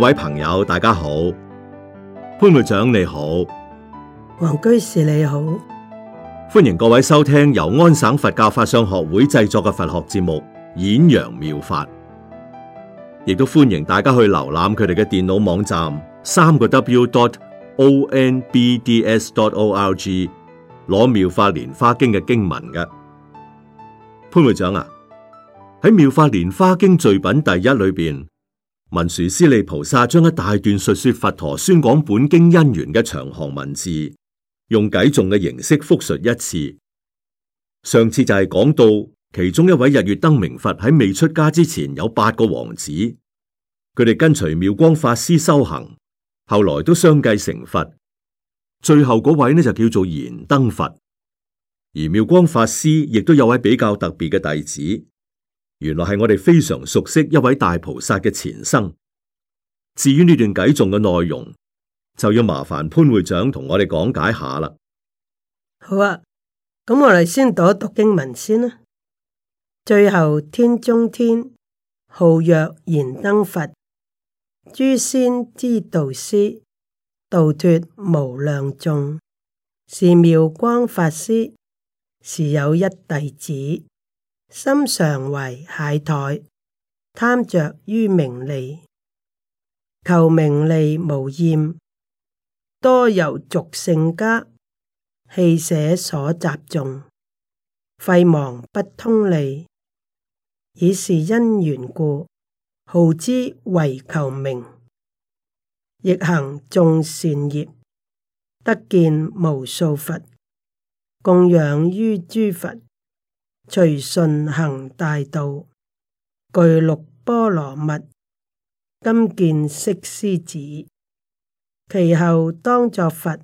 各位朋友，大家好，潘會長你好，王居士你好，歡迎各位收聽由安省佛教法相學會製作嘅佛學節目《演揚妙法》，亦都歡迎大家去瀏覽佢哋嘅電腦網站三個 w.dot.o.n.b.d.s.dot.o.r.g 攞《妙法蓮華經》嘅經文嘅。潘會長啊，喺《妙法蓮華經》序品第一裏邊。文殊師利菩薩將一大段述說佛陀宣講本經因緣嘅長行文字，用偈頌嘅形式複述一次。上次就係講到，其中一位日月燈明佛喺未出家之前有八個王子，佢哋跟隨妙光法師修行，後來都相繼成佛。最後嗰位呢就叫做燃燈佛，而妙光法師亦都有位比較特別嘅弟子。原來係我哋非常熟悉一位大菩薩嘅前生。至於呢段偈頌嘅內容，就要麻煩潘會長同我哋講解下啦。好啊，咁我哋先讀一讀經文先啦。最後天中天，號曰燃燈佛，諸仙之導師，度脫無量眾，是妙光法師，是有一弟子。心常為懈怠，貪着於名利，求名利無厭，多由俗姓家棄捨，所習誦，廢忘不通利，以是因緣故，號之為求名，亦行眾善業，得見無數佛，供養於諸佛。隨順行大道，具六波羅蜜，今見色獅子，其後當作佛，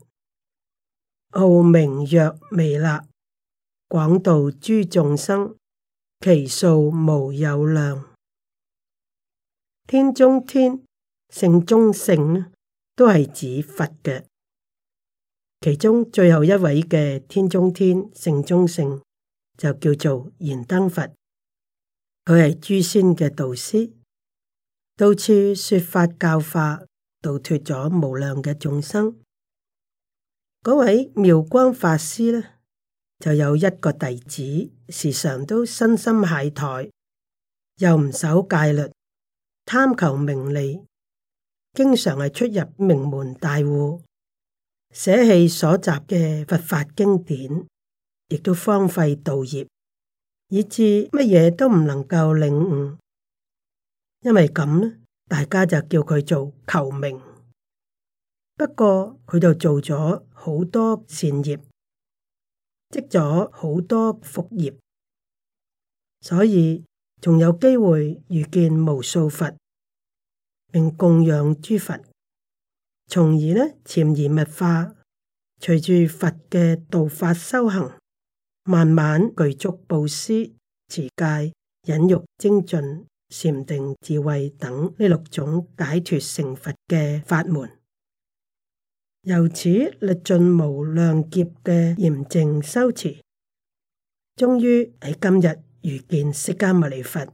號名曰彌勒，廣度諸眾生，其數無有量。天中天，聖中聖，都係指佛嘅，其中最後一位嘅天中天，聖中聖。就叫做燃燈佛，佢係諸仙嘅導師，到處說法教化，度脫咗無量嘅眾生。嗰位妙光法師呢，就有一個弟子，時常都身心懈怠，又唔守戒律，貪求名利，經常係出入名門大戶，捨棄所集嘅佛法經典。亦都荒廢道業，以至乜嘢都唔能夠領悟，因為咁咧，大家就叫佢做求名。不過佢就做咗好多善業，積咗好多福業，所以仲有機會遇見無數佛，並供養諸佛，從而呢潛移默化，隨住佛嘅道法修行。慢慢具足布施、持戒、忍辱、精進、禪定、智慧等呢六種解脫成佛嘅法門，由此力盡無量劫嘅嚴正修持，終於喺今日遇見釋迦牟尼佛，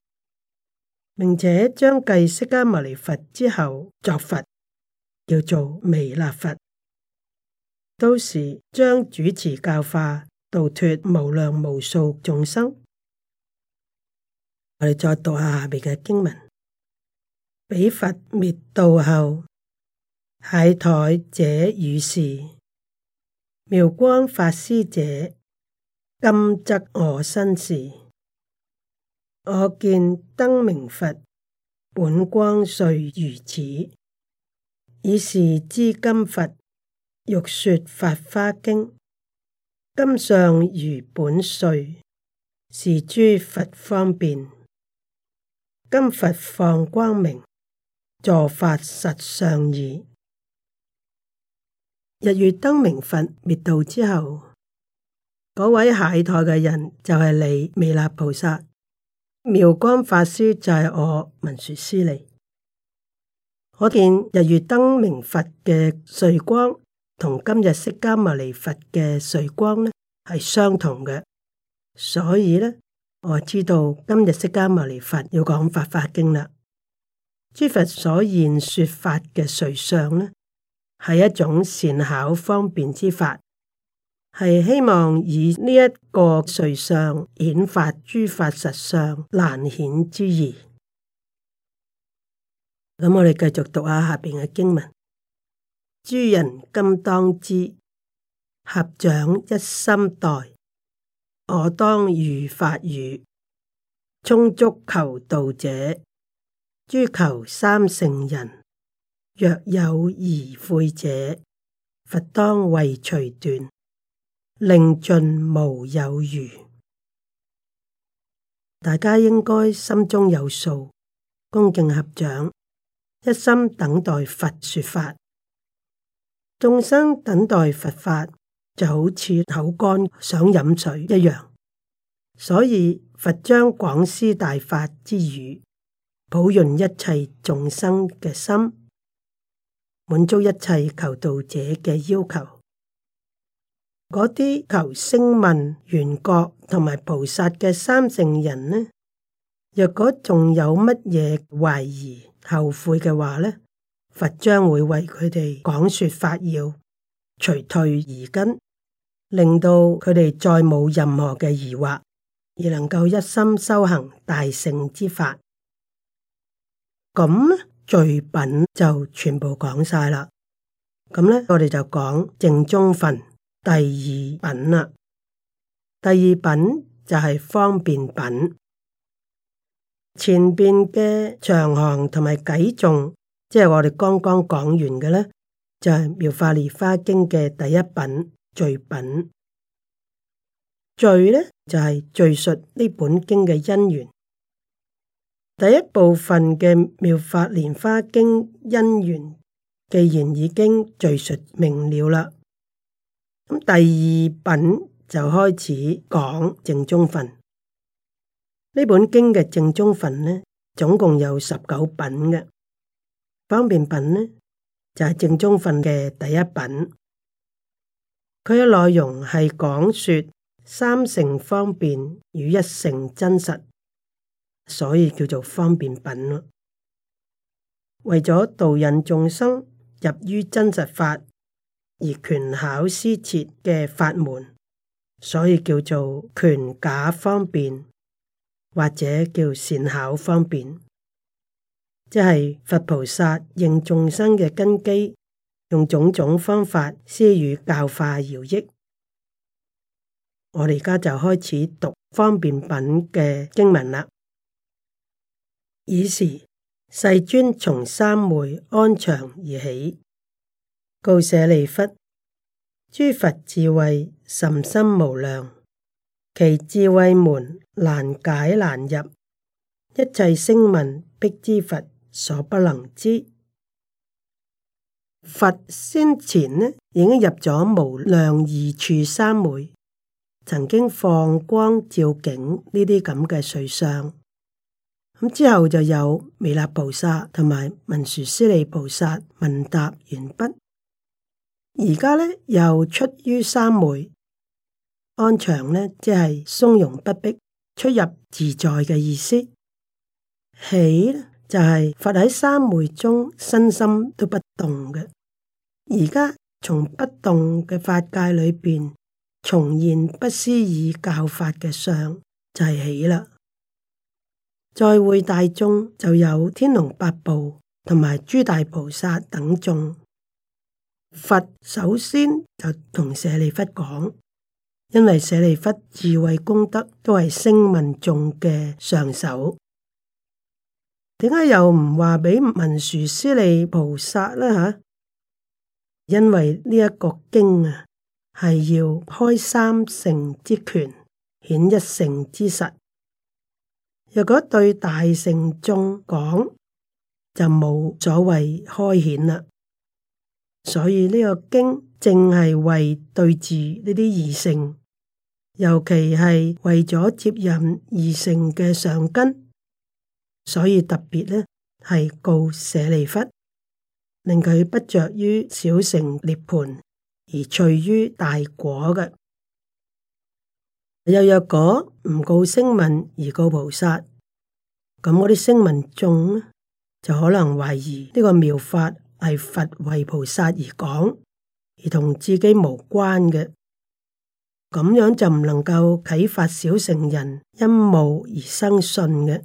並且將繼釋迦牟尼佛之後作佛，叫做彌勒佛，到時將主持教化。度脫無量無數眾生，我哋再讀下下面嘅經文：彼佛滅度後，懈怠者汝是，妙光法師者今則我身是，我見燈明佛本光瑞如此，以是知今佛欲說法花經。今相如本瑞，是諸佛方便。今佛放光明，助發實相義。日月燈明佛滅度之後，嗰位懈怠嘅人就係你彌勒菩薩。妙光法師就係我文殊師利。可見日月燈明佛嘅瑞光。同今日釋迦牟尼佛嘅瑞光呢，係相同嘅，所以呢，我知道今日釋迦牟尼佛要講法華經啦。諸佛所現說法嘅瑞相呢，係一種善巧方便之法，係希望以呢一個瑞相顯發諸法實相難顯之義。咁我哋繼續讀下下邊嘅經文。諸人今當知，合掌一心待我當如法語，充足求道者，諸求三乘人，若有疑悔者，佛當為隨斷，令盡無有餘。大家應該心中有數，恭敬合掌，一心等待佛說法。眾生等待佛法就好似口乾想飲水一樣，所以佛將廣施大法之語，普潤一切眾生嘅心，滿足一切求道者嘅要求。嗰啲求聲聞、緣覺同埋菩薩嘅三乘人呢，若果仲有乜嘢懷疑、後悔嘅話呢，佛將會為佢哋講說法要，除退而根，令到佢哋再冇任何嘅疑惑，而能夠一心修行大乘之法。咁序品就全部講晒啦。咁呢，我哋就講正宗分第二品啦。第二品就係方便品，前邊嘅長行同埋偈頌。即係我哋剛剛講完嘅咧，就係《妙法蓮華經》嘅第一品序品。序咧就係、是、敘述呢本經嘅因緣。第一部分嘅《妙法蓮華經》因緣，既然已經敘述明了啦，咁第二品就開始講正宗分。呢本經嘅正宗分咧，總共有十九品嘅。方便品呢，就係、是、正宗分嘅第一品。佢嘅內容係講說三乘方便與一乘真實，所以叫做方便品咯。為咗導引眾生入於真實法，而權巧施設嘅法門，所以叫做權假方便，或者叫善巧方便。即係佛菩薩應眾生嘅根基，用種種方法施予教化饒益。我哋而家就開始讀方便品嘅經文啦。爾時世尊從三昧安詳而起，告舍利弗：諸佛智慧甚深無量，其智慧門難解難入，一切聲聞辟支佛，所不能知，佛先前呢已經入咗無量義處三昧，曾經放光照景呢啲咁嘅瑞相，咁之後就有彌勒菩薩同埋文殊師利菩薩問答完畢，而家呢又出於三昧，安詳呢即係從容不迫，出入自在嘅意思，起就係佛喺三昧中身心都不動嘅，而家從不動嘅法界裏邊重現不思議教法嘅相就係起啦。在會大眾就有天龍八部同埋諸大菩薩等眾。佛首先就同舍利弗講，因為舍利弗智慧功德都係聲聞眾嘅上首。點解又唔話畀文殊師利菩薩呢？吓？因為呢一個經啊，係要開三乘之權，顯一乘之實。若果對大乘眾講，就冇所謂開顯啦。所以呢個經正係為對治呢啲二乘，尤其係為咗接引二乘嘅上根。所以特別呢，係告舍利弗，令佢不着於小乘涅盤，而趣於大果嘅。又若果唔告聲聞而告菩薩，咁我啲聲聞眾呢就可能懷疑呢個妙法係佛為菩薩而講，而同自己無關嘅，咁樣就唔能夠啟發小乘人因慕而生信嘅。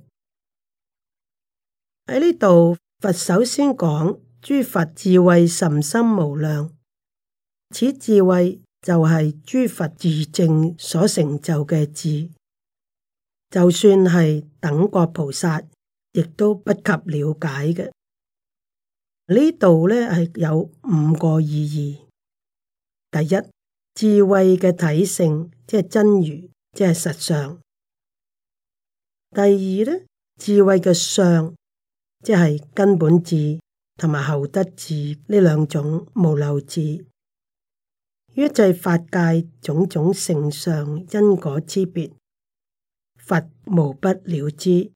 喺呢度，佛首先講諸佛智慧甚深無量，此智慧就係諸佛自證所成就嘅智，就算係等覺菩薩，亦都不及了解嘅。呢度呢係有五個意義：第一，智慧嘅體性，即係真如，即係實相；第二咧，智慧嘅相。即係根本智同埋後得智呢兩種無漏智，一切法界種種性上因果之別，佛無不了知，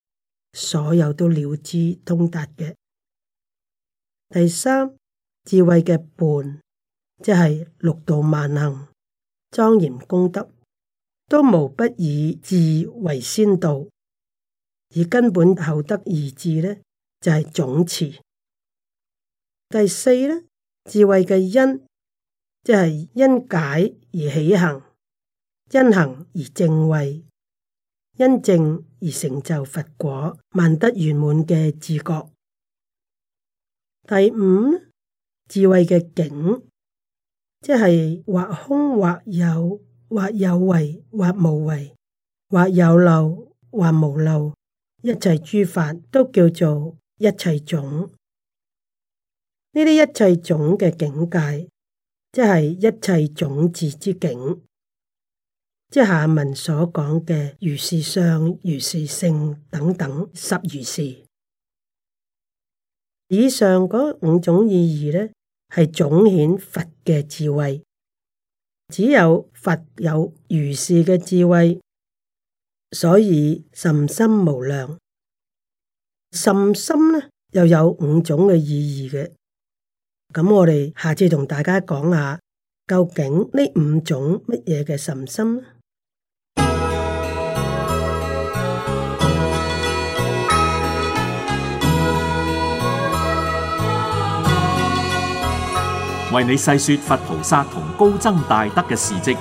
所有都了知通達嘅。第三智慧嘅伴，即係六度萬行、莊嚴功德，都無不以智為先導，以根本後得而智呢？就係種詞。第四呢，智慧嘅因，即係因解而起行，因行而正位，因正而成就佛果，萬得圓滿嘅自覺。第五呢，智慧嘅境，即係或空或有，或有為或無為，或有漏或無漏，一切諸法都叫做。一切種呢啲一切種嘅境界，即係一切種子之境，即係下文所講嘅如是相、如是性等等十如是。以上嗰五種意義呢，係總顯佛嘅智慧。只有佛有如是嘅智慧，所以甚深無量。甚深呢？又有五種嘅意義嘅，咁我哋下次同大家講下，究竟呢五種乜嘢嘅甚深呢？為你細說佛菩薩同高僧大德嘅事跡，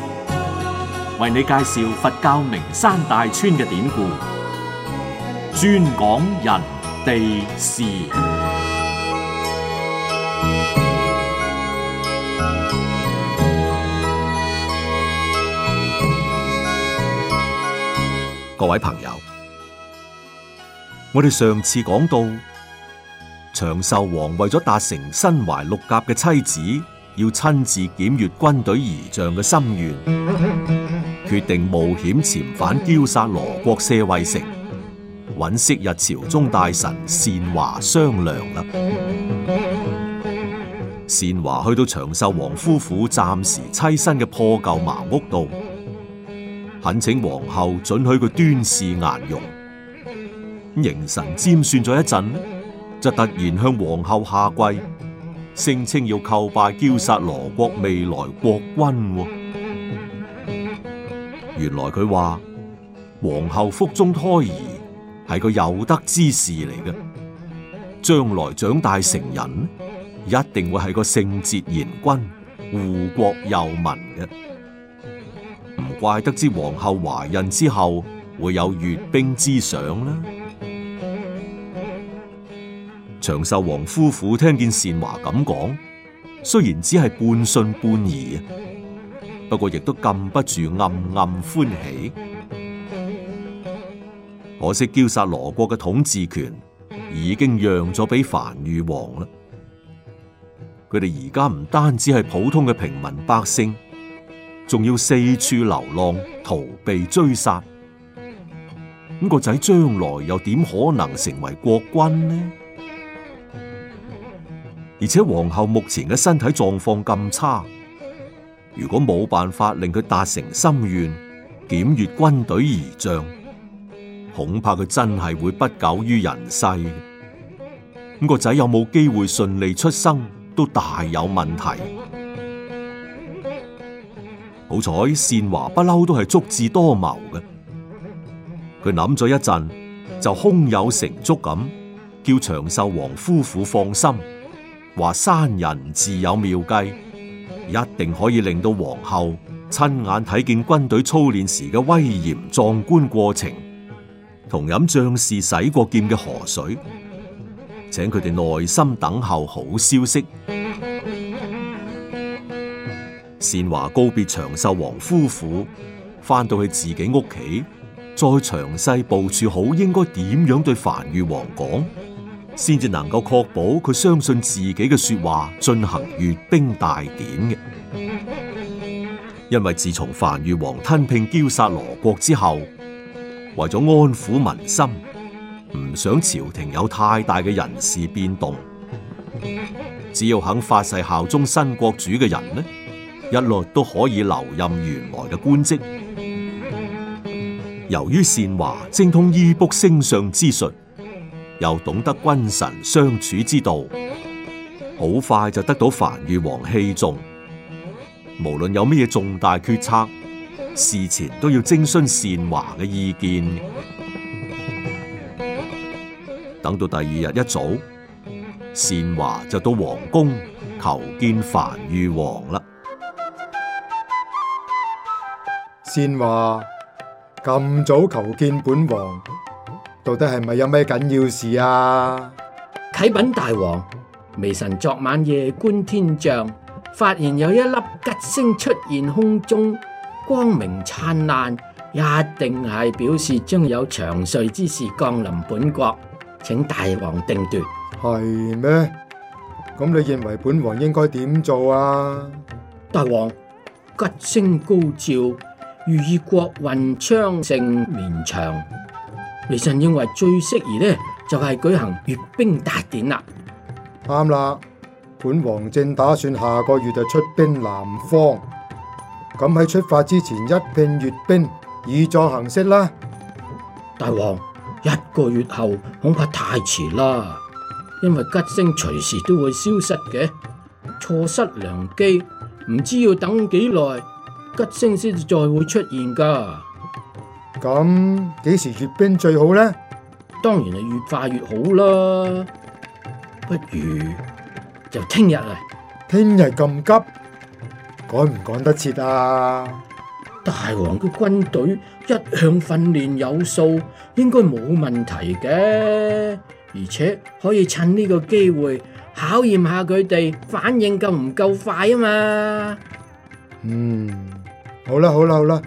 為你介紹佛教名山大川嘅典故，專講人。各位朋友，我哋上次講到，長壽王為咗達成身懷六甲嘅妻子要親自檢閱軍隊儀仗嘅心願，決定冒險潛返憍薩羅國舍衛城。搵昔日朝中大臣善華商量啦。善華去到長壽王夫婦暫時棲身嘅破舊茅屋度，懇請皇后准許佢端視顏容。凝神占算咗一陣，就突然向皇后下跪，聲稱要叩拜憍薩羅國未來國君。原來佢話皇后腹中胎兒，係個有德之士嚟嘅，將來長大成人，一定會係個聖哲賢君，護國佑民嘅。唔怪得知皇后懷孕之後會有閱兵之想呢。長壽王夫婦聽見善華咁講，雖然只係半信半疑啊，不過亦都禁不住暗暗歡喜。可惜，憍薩羅國嘅統治權已經讓咗俾梵豫王啦。佢哋而家唔單止係普通嘅平民百姓，仲要四處流浪，逃避追殺。咁、那個仔將來又點可能成為國君呢？而且皇后目前嘅身體狀況咁差，如果冇辦法令佢達成心願，檢閱軍隊儀仗。恐怕佢真係會不久於人世，咁個仔有冇機會順利出生都大有問題。好彩善華不嬲都係足智多謀嘅，佢諗咗一陣就胸有成竹咁叫長壽王夫婦放心，話山人自有妙計，一定可以令到皇后親眼睇見軍隊操練時嘅威嚴壯觀過程。同飲將士洗過劍嘅河水，請佢哋耐心等候好消息。善華告別長壽王夫婦，返到去自己屋企，再詳細部署好應該點樣對樊裕王講，先至能夠確保佢相信自己嘅説話，進行閲兵大典嘅。因為自從樊裕王吞併驕殺羅國之後。為咗安撫民心，唔想朝廷有太大嘅人事變動，只要肯發誓效忠新國主嘅人呢，一律都可以留任原來嘅官職。由於善華精通醫卜星相之術，又懂得君臣相處之道，好快就得到梵豫王器重，無論有咩重大決策，事前都要徵詢善華嘅意見。等到第二日一早，善華就到皇宮求見梵豫王啦。善華咁早求見，本王，到底係咪有咩緊要事啊？啟稟大王，微臣昨晚夜觀天象，發現有一粒吉星出現空中，光明燦爛，一定係表示將有祥瑞之事降臨本國，請大王定奪。係咩？咁你認為本王應該點做啊？大王吉星高照，如意國運昌盛綿長。微臣認為最適宜呢，就係、是、舉行閱兵大典啦。啱啦，本王正打算下個月就出兵南方。咁喺出發之前一片閱兵以作行色啦。大王，一個月後恐怕太遲啦，因為吉星隨時都會消失嘅，錯失良機唔知要等幾耐，吉星先至再會出現噶。咁幾時閱兵最好呢？當然係越快越好啦。不如就聽日嚟。聽日咁急？趕唔趕得切啊？大王嘅軍隊一向訓練有素，應該冇問題嘅。而且可以趁呢個機會考驗下佢哋反應夠唔夠快啊嘛！嗯，好啦好啦好啦，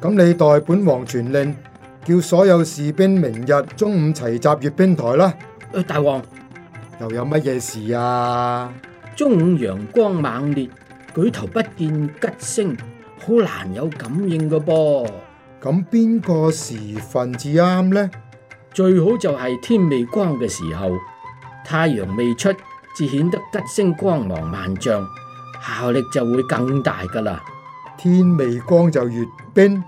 咁你代本王傳令，叫所有士兵明日中午齊集閱兵台啦。誒，大王，又有乜嘢事啊？中午陽光猛烈。舉頭不見吉星，好難有感應噶噃。咁邊個時份至啱呢？最好就係天未光嘅時候，太陽未出，至顯得吉星光芒萬丈，效力就會更大噶啦。天未光就閱兵，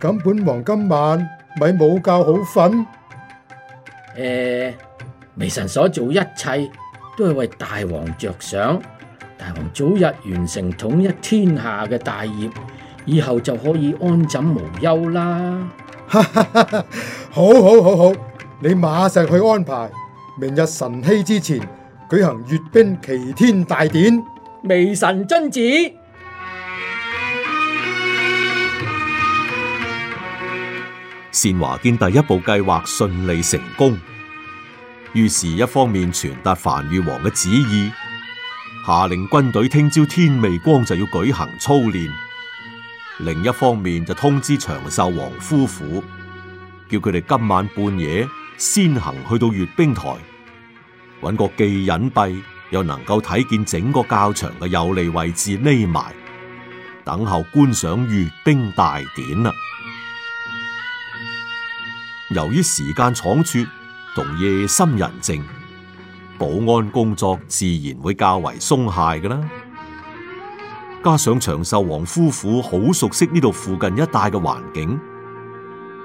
咁本王今晚咪冇覺好瞓。誒、欸，微臣所做一切都係為大王着想。早日完成統一天下嘅大業，以後就可以安枕無憂啦！好好好好，你馬上去安排，明日晨曦之前舉行閱兵祈天大典。微臣遵旨。善華見第一步計劃順利成功，於是，一方面傳達梵豫王嘅旨意。下令軍隊聽朝天未光就要舉行操練，另一方面就通知長壽王夫婦，叫佢哋今晚半夜先行去到閱兵台，揾個既隱蔽又能夠睇見整個教場嘅有利位置匿埋，等候觀賞閱兵大典啦。由於時間倉促同夜深人靜，保安工作自然會較為鬆懈嘅啦，加上長壽王夫婦好熟悉呢度附近一帶嘅環境，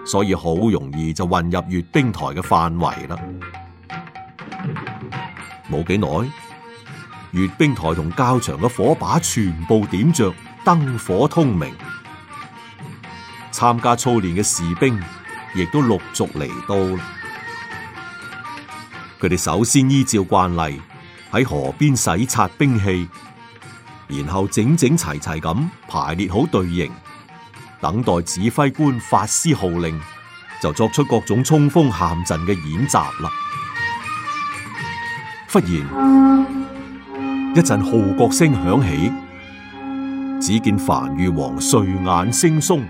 所以好容易就混入閱兵台嘅範圍啦。冇幾耐，閱兵台同較場嘅火把全部點着，燈火通明，參加操練嘅士兵亦都陸續嚟到。佢哋首先依照慣例喺河邊洗刷兵器，然後整整齊齊咁排列好隊形，等待指揮官發施號令，就作出各種衝鋒陷陣嘅演習啦。忽然一陣號角聲響起，只見梵豫王睡眼惺忪，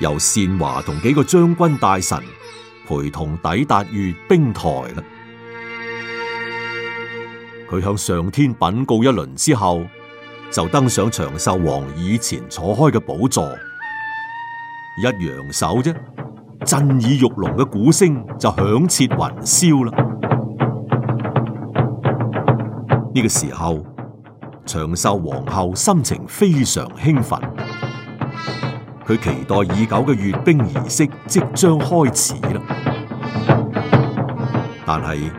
由善華同幾個將軍大臣陪同抵達閱兵台啦。佢向上天稟告一輪之後，就登上長壽王以前坐開嘅寶座，一揚手啫，震耳欲聾嘅鼓聲就響徹雲霄啦！呢個時候，長壽皇后心情非常興奮，佢期待已久嘅閱兵儀式即將開始啦！但係。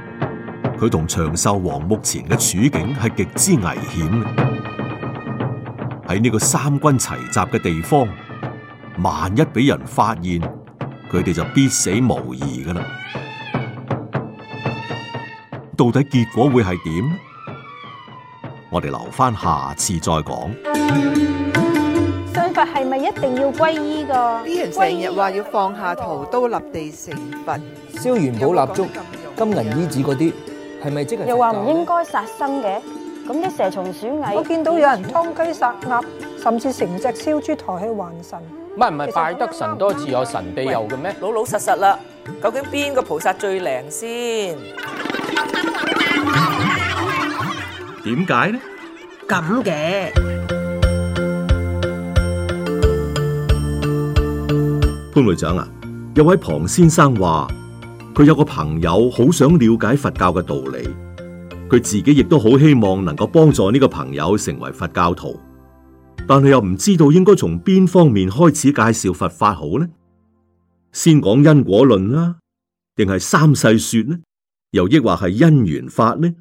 佢同長壽王目前嘅處境係極之危險，喺呢個三軍齊集嘅地方，萬一俾人發現，佢哋就必死無疑噶啦。到底結果會係點？我哋留翻下次再講。信佛係咪一定要皈依噶？啲人成日話要放下屠刀立地成佛，燒元寶、蠟燭、金銀衣紙嗰啲。又話唔應該殺生嘅，咁啲蛇蟲鼠蟻，我見到有人劏雞殺鴨，甚至成隻燒豬抬去還神。唔係唔係，拜得神多自有神庇佑嘅咩？老老實實啦，究竟邊個菩薩最靈先？點解呢？咁嘅潘會長啊，有位龐先生話。佢有個朋友好想了解佛教嘅道理，佢自己亦都好希望能夠幫助呢個朋友成為佛教徒，但係又唔知道應該從邊方面開始介紹佛法好呢？先講因果論啦、啊，定係三世說呢？又抑或係因緣法呢？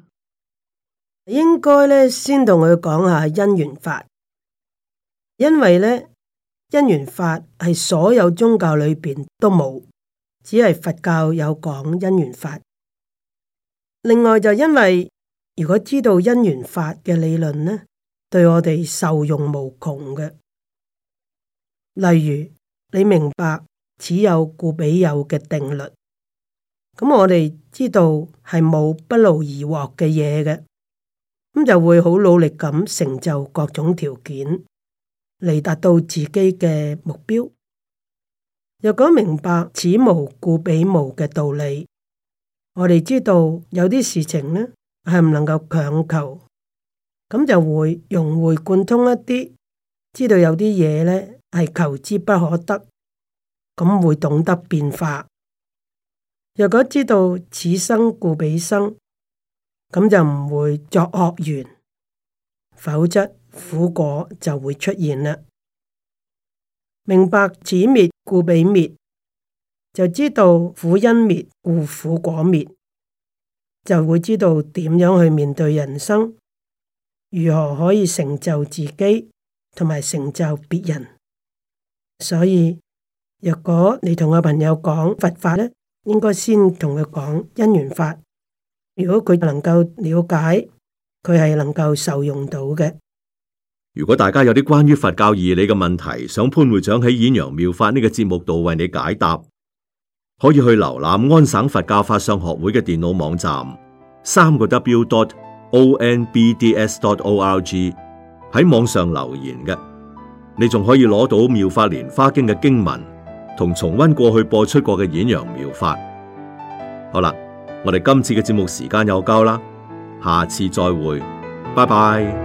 應該咧，先同佢講下因緣法，因為咧，因緣法係所有宗教裏邊都冇。只係佛教有講因緣法，另外就因為如果知道因緣法嘅理論呢，對我哋受用無窮嘅。例如你明白此有故彼有嘅定律，咁我哋知道係冇不勞而獲嘅嘢嘅，咁就會好努力咁成就各種條件嚟達到自己嘅目標。若果明白此無故彼無嘅道理，我哋知道有啲事情呢係唔能夠強求，咁就會融會貫通一啲，知道有啲嘢呢係求之不可得，咁會懂得變化。若果知道此生故彼生，咁就唔會作惡緣，否則苦果就會出現啦。明白此滅故彼滅，就知道苦因滅故苦果滅，就會知道點樣去面對人生，如何可以成就自己同埋成就別人。所以，若果你同個朋友講佛法咧，應該先同佢講因緣法。如果佢能夠了解，佢係能夠受用到嘅。如果大家有啲關於佛教義理嘅問題，想潘會長喺演揚妙法呢個節目度為你解答，可以去瀏覽安省佛教法相學會嘅電腦網站，三個 W dot O N B D S dot O R G 喺網上留言嘅，你仲可以攞到妙法蓮花經嘅經文同重温過去播出過嘅演揚妙法。好啦，我哋今次嘅節目時間又夠啦，下次再會，拜拜。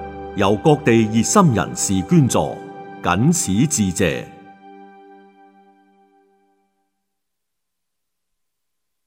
由各地熱心人士捐助，僅此致謝。